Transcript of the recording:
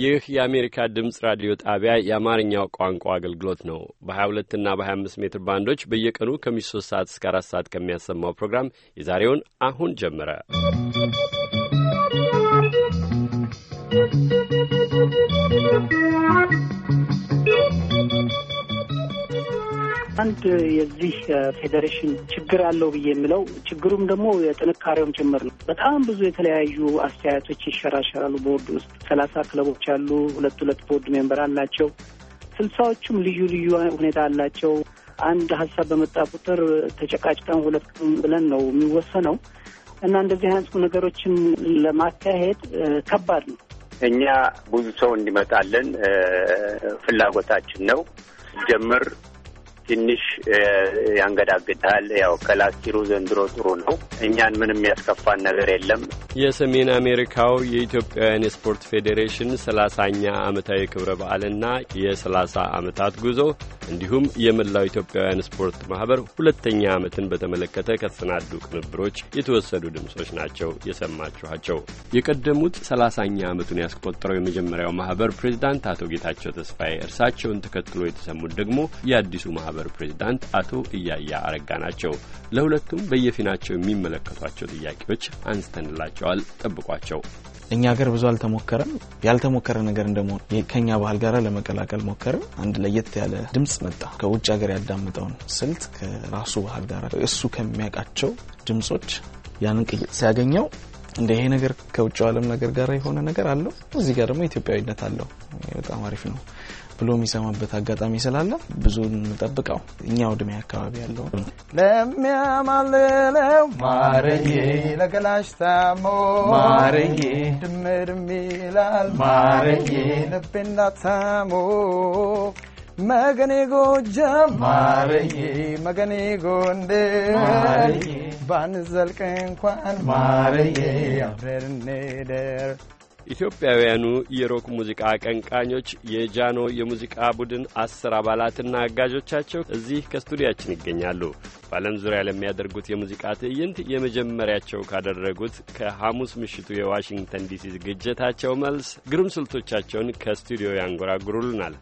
ይህ የአሜሪካ ድምፅ ራዲዮ ጣቢያ የአማርኛው ቋንቋ አገልግሎት ነው። በ22 እና በ25 ሜትር ባንዶች በየቀኑ ከምሽቱ 3 ሰዓት እስከ 4 ሰዓት ከሚያሰማው ፕሮግራም የዛሬውን አሁን ጀመረ። ¶¶ አንድ የዚህ ፌዴሬሽን ችግር አለው ብዬ የምለው ችግሩም ደግሞ የጥንካሬውም ጭምር ነው። በጣም ብዙ የተለያዩ አስተያየቶች ይሸራሸራሉ። ቦርድ ውስጥ ሰላሳ ክለቦች አሉ። ሁለት ሁለት ቦርድ ሜምበር አላቸው። ስልሳዎቹም ልዩ ልዩ ሁኔታ አላቸው። አንድ ሀሳብ በመጣ ቁጥር ተጨቃጭቀን ሁለት ብለን ነው የሚወሰነው እና እንደዚህ አይነት ነገሮችን ለማካሄድ ከባድ ነው። እኛ ብዙ ሰው እንዲመጣለን ፍላጎታችን ነው ጀምር ትንሽ ያንገዳግዳል። ያው ከላስቲሩ ዘንድሮ ጥሩ ነው። እኛን ምንም ያስከፋን ነገር የለም። የሰሜን አሜሪካው የኢትዮጵያውያን የስፖርት ፌዴሬሽን ሰላሳኛ ዓመታዊ ክብረ በዓልና የሰላሳ ዓመታት ጉዞ እንዲሁም የመላው ኢትዮጵያውያን ስፖርት ማህበር ሁለተኛ ዓመትን በተመለከተ ከተሰናዱ ቅንብሮች የተወሰዱ ድምጾች ናቸው የሰማችኋቸው። የቀደሙት ሰላሳኛ ዓመቱን ያስቆጠረው የመጀመሪያው ማህበር ፕሬዚዳንት አቶ ጌታቸው ተስፋዬ እርሳቸውን ተከትሎ የተሰሙት ደግሞ የአዲሱ ማህበር ማህበር ፕሬዚዳንት አቶ እያያ አረጋ ናቸው። ለሁለቱም በየፊናቸው የሚመለከቷቸው ጥያቄዎች አንስተንላቸዋል። ጠብቋቸው። እኛ ሀገር ብዙ አልተሞከረም። ያልተሞከረ ነገር እንደመሆኑ ከኛ ባህል ጋር ለመቀላቀል ሞከርም። አንድ ለየት ያለ ድምፅ መጣ። ከውጭ ሀገር ያዳምጠውን ስልት ከራሱ ባህል ጋር እሱ ከሚያውቃቸው ድምጾች ያንን ቅይጥ ሲያገኘው እንደ ይሄ ነገር ከውጭ ዓለም ነገር ጋር የሆነ ነገር አለው፣ እዚህ ጋር ደግሞ ኢትዮጵያዊነት አለው፣ በጣም አሪፍ ነው ብሎ የሚሰማበት አጋጣሚ ስላለ ብዙ እንጠብቀው። እኛ ውድሜ አካባቢ ያለው ለሚያማልለው ማረዬ፣ ለገላሽ ታሞ ማረዬ፣ ድምድም ይላል ማረዬ፣ ልቤና ታሞ ಮಗನೇ ಗೋಜಾಮ್ ಮಗನೇ ಗೊಂಡೆ ባንዘልቅ እንኳን ማርዬ አብረን እንሄደር። ኢትዮጵያውያኑ የሮክ ሙዚቃ አቀንቃኞች የጃኖ የሙዚቃ ቡድን አስር አባላትና አጋዦቻቸው እዚህ ከስቱዲያችን ይገኛሉ። በዓለም ዙሪያ ለሚያደርጉት የሙዚቃ ትዕይንት የመጀመሪያቸው ካደረጉት ከሐሙስ ምሽቱ የዋሽንግተን ዲሲ ዝግጅታቸው መልስ ግሩም ስልቶቻቸውን ከስቱዲዮ ያንጎራጉሩልናል።